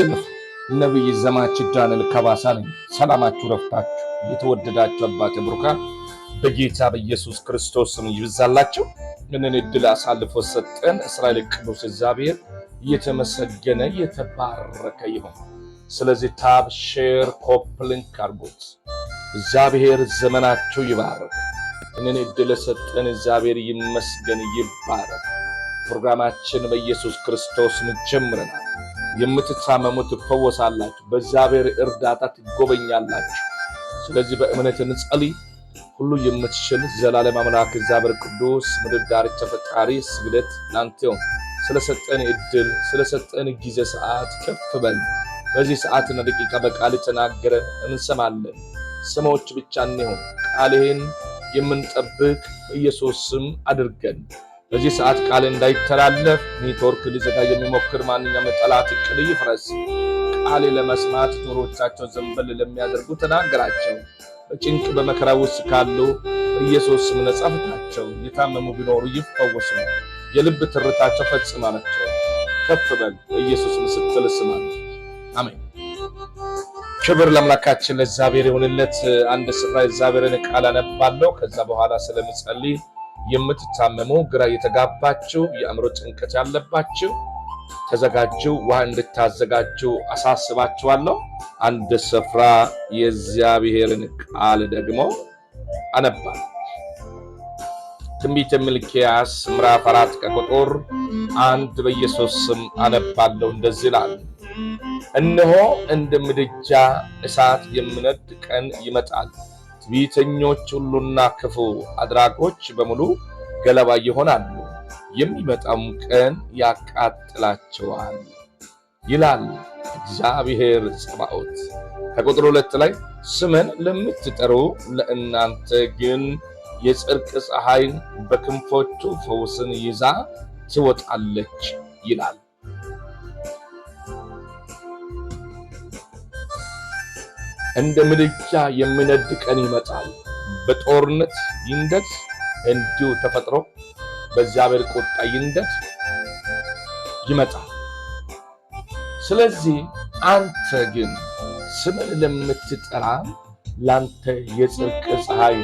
አባታችን ነቢይ ዘማች ዳንኤል ከባሳ ነኝ። ሰላማችሁ ረፍታችሁ የተወደዳችሁ አባቴ ብሩካ በጌታ በኢየሱስ ክርስቶስም ይብዛላችሁ። ምንን እድል አሳልፎ ሰጠን። እስራኤል ቅዱስ እግዚአብሔር እየተመሰገነ የተባረከ ይሆን። ስለዚህ ታብ ሼር ኮፕልንክ አድርጉት። እግዚአብሔር ዘመናቸው ይባረክ። እንን እድል ሰጠን። እግዚአብሔር ይመስገን ይባረክ። ፕሮግራማችን በኢየሱስ ክርስቶስን ጀምረናል። የምትታመሙ ትፈወሳላችሁ፣ በእግዚአብሔር እርዳታ ትጎበኛላችሁ። ስለዚህ በእምነት እንጸልይ። ሁሉ የምትችል ዘላለም አምላክ እግዚአብሔር ቅዱስ ምድር ዳርቻ ፈጣሪ ስግደት ላንተው ስለሰጠን እድል ስለሰጠን ጊዜ ሰዓት ከፍ በል። በዚህ ሰዓትና ደቂቃ በቃል ተናገረ እንሰማለን። ስሞች ብቻ እንሆን ቃልህን የምንጠብቅ ኢየሱስ ስም አድርገን በዚህ ሰዓት ቃል እንዳይተላለፍ ኔትወርክ ሊዘጋ የሚሞክር ማንኛውም ጠላት እቅድ ይፍረስ። ቃሌ ለመስማት ጆሮቻቸው ዘንበል ለሚያደርጉ ተናገራቸው። በጭንቅ በመከራ ውስጥ ካሉ በኢየሱስ ስም ነጻ ፍታቸው። የታመሙ ቢኖሩ ይፈወሱ። የልብ ትርታቸው ፈጽማ ናቸው። ከፍ በል በኢየሱስ ምስትል ስማ። አሜን። ክብር ለአምላካችን ለእግዚአብሔር ይሁንለት። አንድ ስፍራ እግዚአብሔርን ቃል አነባለሁ። ከዛ በኋላ ስለምጸልይ የምትታመሙ፣ ግራ የተጋባችሁ፣ የአእምሮ ጭንቀት ያለባችሁ ተዘጋጁ። ውሃ እንድታዘጋጁ አሳስባችኋለሁ። አንድ ስፍራ የእግዚአብሔርን ቃል ደግሞ አነባል። ትንቢተ ሚልክያስ ምዕራፍ አራት ከቁጥር አንድ በኢየሱስ ስም አነባለሁ። እንደዚህ ይላል፣ እነሆ እንደ ምድጃ እሳት የሚነድ ቀን ይመጣል ቢተኞች ሁሉና ክፉ አድራጎች በሙሉ ገለባ ይሆናሉ፣ የሚመጣውም ቀን ያቃጥላቸዋል ይላል እግዚአብሔር ጸባኦት። ከቁጥር ሁለት ላይ ስምን ለምትጠሩ ለእናንተ ግን የጽድቅ ፀሐይን በክንፎቹ ፈውስን ይዛ ትወጣለች ይላል። እንደ ምድጃ የሚነድ ቀን ይመጣል። በጦርነት ይንደት እንዲሁ ተፈጥሮ በእግዚአብሔር ቁጣ ይንደት ይመጣል። ስለዚህ አንተ ግን ስምን ለምትጠራ ላንተ የጽድቅ ፀሐይ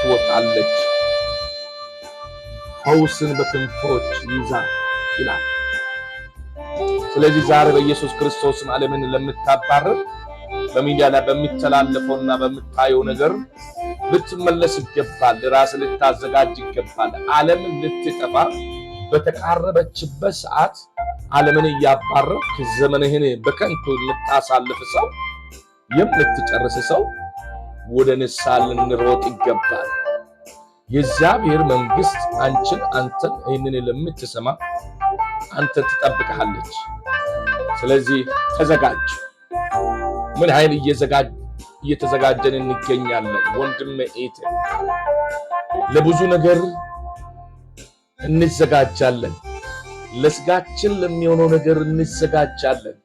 ትወጣለች፣ ፈውስን በክንፎች ይዛ ይላል። ስለዚህ ዛሬ በኢየሱስ ክርስቶስ ዓለምን ለምታባርር በሚዲያ ላይ በሚተላለፈውና በምታየው ነገር ልትመለስ ይገባል። ራስ ልታዘጋጅ ይገባል። ዓለም ልትጠፋ በተቃረበችበት ሰዓት ዓለምን እያባረርክ ዘመንህን በከንቱ የምታሳልፍ ሰው፣ የምትጨርስ ሰው ወደ ንስሐ ልንሮጥ ይገባል። የእግዚአብሔር መንግስት አንችን አንተን ይህንን ለምትሰማ አንተ ትጠብቅሃለች። ስለዚህ ተዘጋጅ። ምን ያህል እየተዘጋጀን እንገኛለን? ወንድም ኤት ለብዙ ነገር እንዘጋጃለን። ለስጋችን ለሚሆነው ነገር እንዘጋጃለን።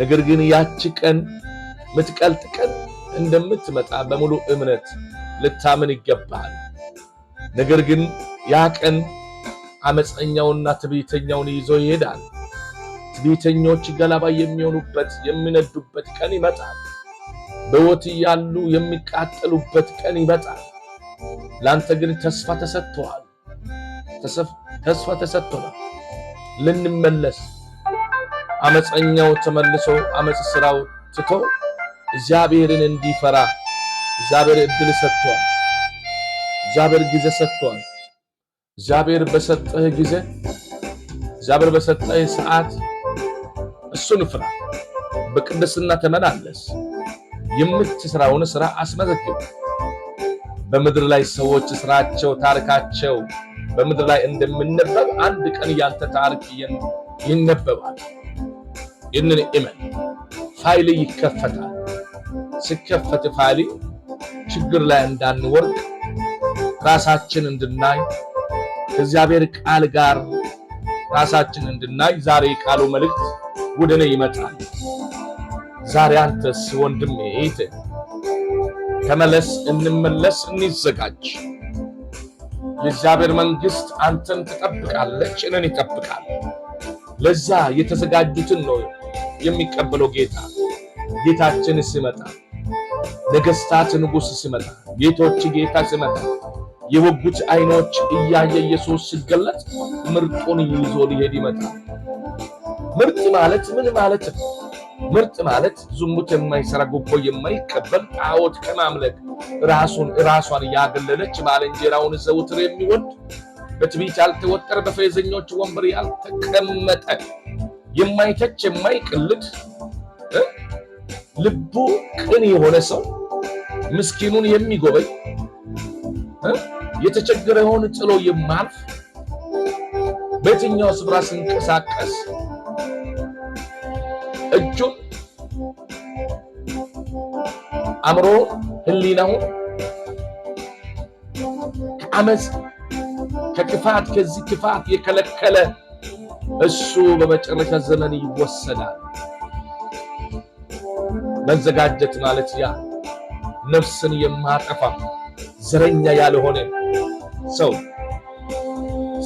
ነገር ግን ያቺ ቀን ምትቀልጥ ቀን እንደምትመጣ በሙሉ እምነት ልታምን ይገባል። ነገር ግን ያ ቀን አመፀኛውና ትዕቢተኛውን ይዞ ይሄዳል። ቤተኞች ገለባ የሚሆኑበት የሚነዱበት ቀን ይመጣል። በሕይወት እያሉ የሚቃጠሉበት ቀን ይመጣል። ለአንተ ግን ተስፋ ተሰጥተዋል። ተስፋ ተሰጥቶናል ልንመለስ አመፀኛው ተመልሶ አመፅ ስራው ትቶ እግዚአብሔርን እንዲፈራ እግዚአብሔር እድል ሰጥቷል። እግዚአብሔር ጊዜ ሰጥቷል። እግዚአብሔር በሰጠህ ጊዜ እግዚአብሔር በሰጠህ ሰዓት እርሱን ፍራ፣ በቅድስና ተመላለስ፣ የምትሰራውን ስራ አስመዘግብ። በምድር ላይ ሰዎች ስራቸው፣ ታሪካቸው በምድር ላይ እንደሚነበብ አንድ ቀን ያንተ ታሪክ ይነበባል። ይህንን እመን። ፋይል ይከፈታል። ሲከፈት ፋይል ችግር ላይ እንዳንወርቅ ራሳችን እንድናይ ከእግዚአብሔር ቃል ጋር ራሳችን እንድናይ ዛሬ የቃሉ መልእክት ወደ እኔ ይመጣል። ዛሬ አንተስ ወንድሜ እህቴ ተመለስ፣ እንመለስ፣ እንዘጋጅ። የእግዚአብሔር መንግሥት አንተን ትጠብቃለች፣ እኔን ይጠብቃል። ለዛ የተዘጋጁትን ነው የሚቀበለው ጌታ። ጌታችን ሲመጣ፣ ነገሥታት ንጉሥ ሲመጣ፣ ጌቶች ጌታ ሲመጣ፣ የወጉት አይኖች እያየ ኢየሱስ ሲገለጥ ምርጡን ይዞ ሊሄድ ይመጣል። ምርጥ ማለት ምን ማለት ነው? ምርጥ ማለት ዝሙት የማይሰራ ጉቦ የማይቀበል ጣዖት ከማምለክ ራሱን ራሷን ያገለለች ባልንጀራውን ዘውትር የሚወድ በትቢት ያልተወጠረ በፌዘኞች ወንበር ያልተቀመጠ የማይተች የማይቅልድ ልቡ ቅን የሆነ ሰው ምስኪኑን የሚጎበኝ የተቸገረውን ጥሎ የማልፍ በየትኛው ስፍራ ስንቀሳቀስ እጁን፣ አምሮ ህሊናው ከአመፅ ከክፋት ከዚህ ክፋት የከለከለ እሱ በመጨረሻ ዘመን ይወሰዳል። መዘጋጀት ማለት ያ ነፍስን የማጠፋ ዘረኛ ያልሆነ ሰው።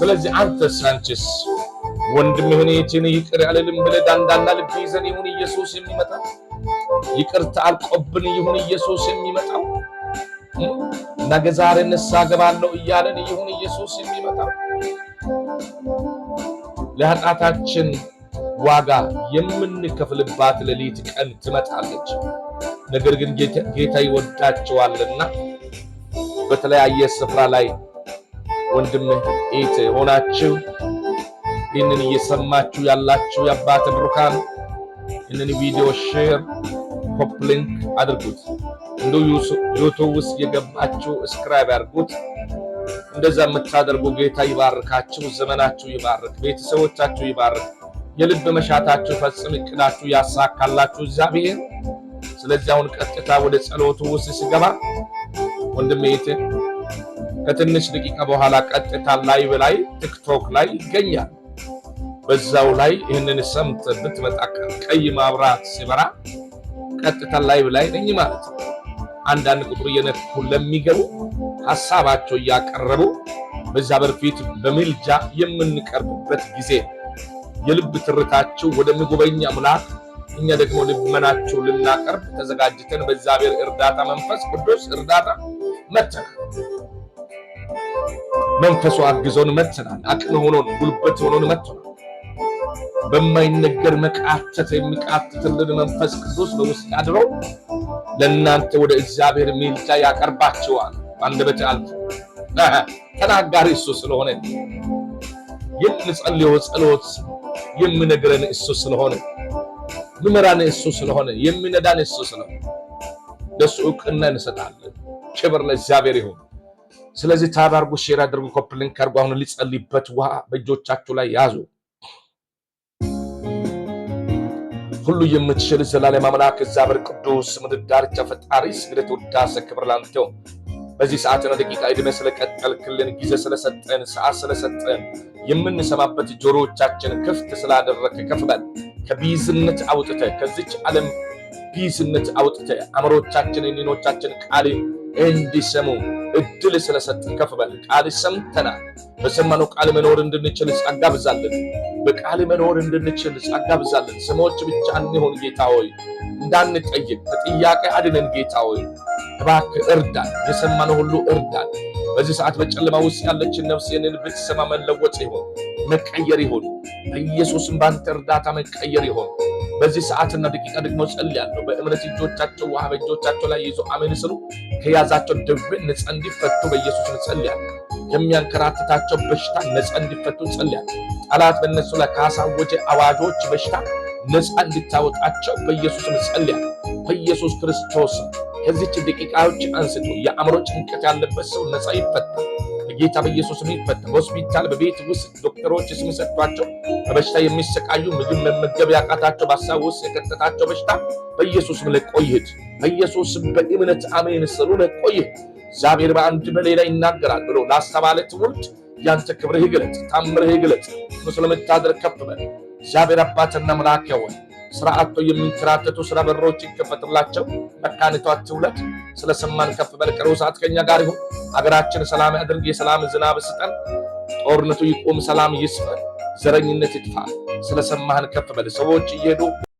ስለዚህ አንተስ አንቺስ ወንድምህን እህትን ይቅር ያለልም ብለ ዳንዳና ልብ ይዘን ይሁን ኢየሱስ የሚመጣው ይቅርታ አልቆብን ይሁን ኢየሱስ የሚመጣው ነገ ዛሬ ንስሐ ገባለሁ እያለን ይሁን ኢየሱስ የሚመጣው ለኃጢአታችን ዋጋ የምንከፍልባት ሌሊት ቀን ትመጣለች። ነገር ግን ጌታ ይወዳቸዋልና በተለያየ ስፍራ ላይ ወንድም ኢት ሆናችሁ ይህንን እየሰማችሁ ያላችሁ የአባት ብሩካን ይህንን ቪዲዮ ሼር፣ ኮፕ አድርጉት። እንዲሁ ዩቱብ ውስጥ የገባችሁ እስክራይብ ያድርጉት። እንደዛ የምታደርጉ ጌታ ይባርካችሁ፣ ዘመናችሁ ይባርክ፣ ቤተሰቦቻችሁ ይባርክ፣ የልብ መሻታችሁ ፈጽም እቅዳችሁ ያሳካላችሁ እግዚአብሔር። ስለዚህ አሁን ቀጥታ ወደ ጸሎቱ ውስጥ ሲገባ ወንድሜ ከትንሽ ደቂቃ በኋላ ቀጥታ ላይቭ ላይ ቲክቶክ ላይ ይገኛል። በዛው ላይ ይህንን ሰምት ብትመጣ ቀይ ማብራት ሲበራ ቀጥታ ላይ ላይ ነኝ ማለት ነው። አንዳንድ ቁጥር እየነኩ ለሚገቡ ሀሳባቸው እያቀረቡ በዛ ፊት በምልጃ የምንቀርብበት ጊዜ የልብ ትርታችሁ ወደሚጎበኛ አምላክ እኛ ደግሞ ልመናችሁ ልናቀርብ ተዘጋጅተን በእግዚአብሔር እርዳታ መንፈስ ቅዱስ እርዳታ መተናል። መንፈሱ አግዞን መተናል። አቅም ሆኖን ጉልበት ሆኖን መተናል። በማይነገር መቃተት የሚቃትትልን መንፈስ ቅዱስ በውስጥ አድሮ ለእናንተ ወደ እግዚአብሔር ሚልጃ ያቀርባቸዋል። አንደበት አልፎ ተናጋሪ እሱ ስለሆነ የምንጸልየው ጸሎት የምነግረን እሱ ስለሆነ ምመራን እሱ ስለሆነ የሚነዳን እሱ ስለሆነ ለእሱ እውቅና እንሰጣለን። ክብር ለእግዚአብሔር ይሁን። ስለዚህ ታባርጉ፣ አድርጉ፣ ሼር አድርጉ፣ ኮፕሊንክ አድርጉ። አሁን ሊጸልይበት ውሃ በእጆቻችሁ ላይ ያዙ። ሁሉ የምትችል ዘላለም አምላክ እግዚአብሔር ቅዱስ ምድር ዳርቻ ፈጣሪ ስግደት፣ ውዳሴ፣ ክብር ላንተ ይሁን። በዚህ ሰዓትና ደቂቃ ዕድሜ ስለቀጠልክልን፣ ጊዜ ስለሰጠን፣ ሰዓት ስለሰጠን፣ የምንሰማበት ጆሮዎቻችን ክፍት ስላደረክ ከፍ ከቢዝነት አውጥተ ከዚች ዓለም ቢዝነት አውጥተ አእምሮቻችን፣ ኒኖቻችን ቃል እንዲሰሙ እድል ስለሰጠን ከፍ በል። ቃል ሰምተናል። በሰማነው ቃል መኖር እንድንችል ጸጋ ብዛልን። በቃል መኖር እንድንችል ጸጋ ብዛልን። ስሞች ብቻ እንሆን ጌታ ሆይ እንዳንጠይቅ ከጥያቄ አድነን ጌታ ሆይ እባክህ እርዳን። የሰማነው ሁሉ እርዳን። በዚህ ሰዓት በጨለማ ውስጥ ያለችን የንን ብትሰማ መለወጥ ይሆን መቀየር ይሆን በኢየሱስም ባንተ እርዳታ መቀየር ይሆን በዚህ ሰዓትና ደቂቃ ደግሞ ጸልያለሁ። በእምነት እጆቻቸው ውሃ በእጆቻቸው ላይ ይዞ አሜን ስሩ። ከያዛቸው ድብቅ ነፃ እንዲፈቱ በኢየሱስ ጸልያለሁ። ከሚያንከራትታቸው በሽታ ነፃ እንዲፈቱ ጸልያለሁ። ጠላት በእነሱ ላይ ካሳወጀ አዋጆች በሽታ ነፃ እንድታወጣቸው በኢየሱስ ጸልያለሁ። በኢየሱስ ክርስቶስ ከዚች ደቂቃዎች አንስቶ የአእምሮ ጭንቀት ያለበት ሰው ነፃ ይፈታል። በጌታ በኢየሱስ በሆስፒታል በቤት ውስጥ ዶክተሮች ስም ሰጥቷቸው በበሽታ የሚሰቃዩ ምግብ መመገብ ያቃታቸው በሀሳብ ውስጥ የከተታቸው በሽታ በኢየሱስ ለቆ ይሂድ። በኢየሱስ በእምነት አሜን ስሉ ለቆ ይሂድ። እግዚአብሔር በአንድ በሌላ ይናገራል ብሎ ላስተባለ ትውልድ ያንተ ክብርህ ግለጽ፣ ታምርህ ግለጽ። ስለምታደርግ ከፍ በል እግዚአብሔር አባትና ምራክ ያወል ስራ አጥቶ የሚንከራተቱ ስራ በሮች ይከፈትላቸው። መካኒቷ ትውለድ። ስለሰማን ከፍ በል። ቀሪው ሰዓት ከኛ ጋር ይሁን። አገራችን ሰላም አድርግ። የሰላም ዝናብ ስጠን። ጦርነቱ ይቁም። ሰላም ይስፈን። ዘረኝነት ይጥፋ። ስለሰማህን ከፍ በል። ሰዎች እየሄዱ